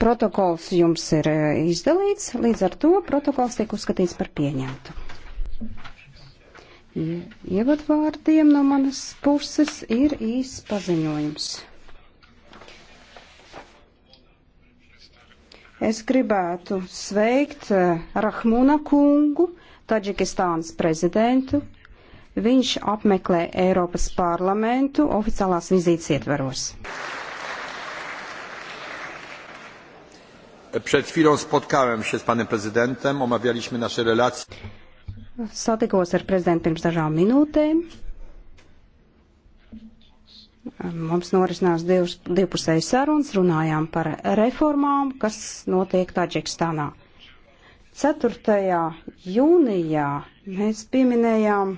Protokols jums ir e, izdalīts, līdz ar to protokols tiek uzskatīts par pieņemtu. Ievadvārdiem no manas puses ir īsts paziņojums. Es gribētu sveikt e, Rahmuna kungu, Taģikistānas prezidentu. Viņš apmeklē Eiropas parlamentu oficiālās vizītes ietveros. Przed chwilą spotkałem się z panem prezydentem, omawialiśmy nasze relacje. Satikos ar prezidentu pirms dažām minūtēm. Mums norisinās divs, divpusējas sarunas, runājām par reformām, kas notiek Taģikstānā. 4. jūnijā mēs pieminējām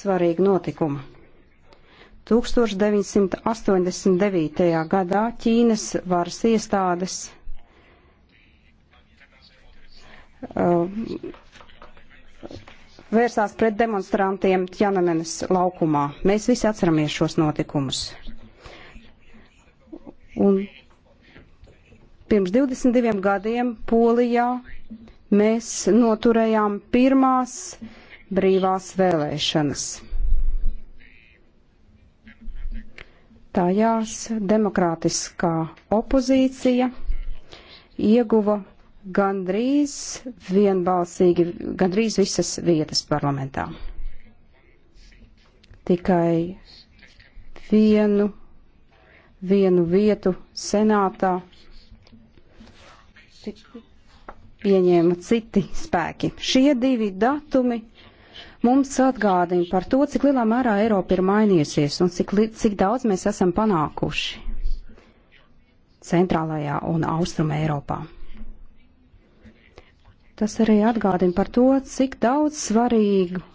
svarīgu notikumu. 1989. gadā Ķīnas varas iestādes uh, vērsās pret demonstrantiem Tjananenes laukumā. Mēs visi atceramies šos notikumus. Un pirms 22 gadiem Polijā mēs noturējām pirmās brīvās vēlēšanas. Tajās demokrātiskā opozīcija ieguva gandrīz vienbalsīgi, gandrīz visas vietas parlamentā. Tikai vienu, vienu vietu senātā ieņēma citi spēki. Šie divi datumi mums atgādina par to, cik lielā mērā Eiropa ir mainījusies un cik, cik daudz mēs esam panākuši centrālajā un austruma Eiropā. Tas arī atgādina par to, cik daudz svarīgu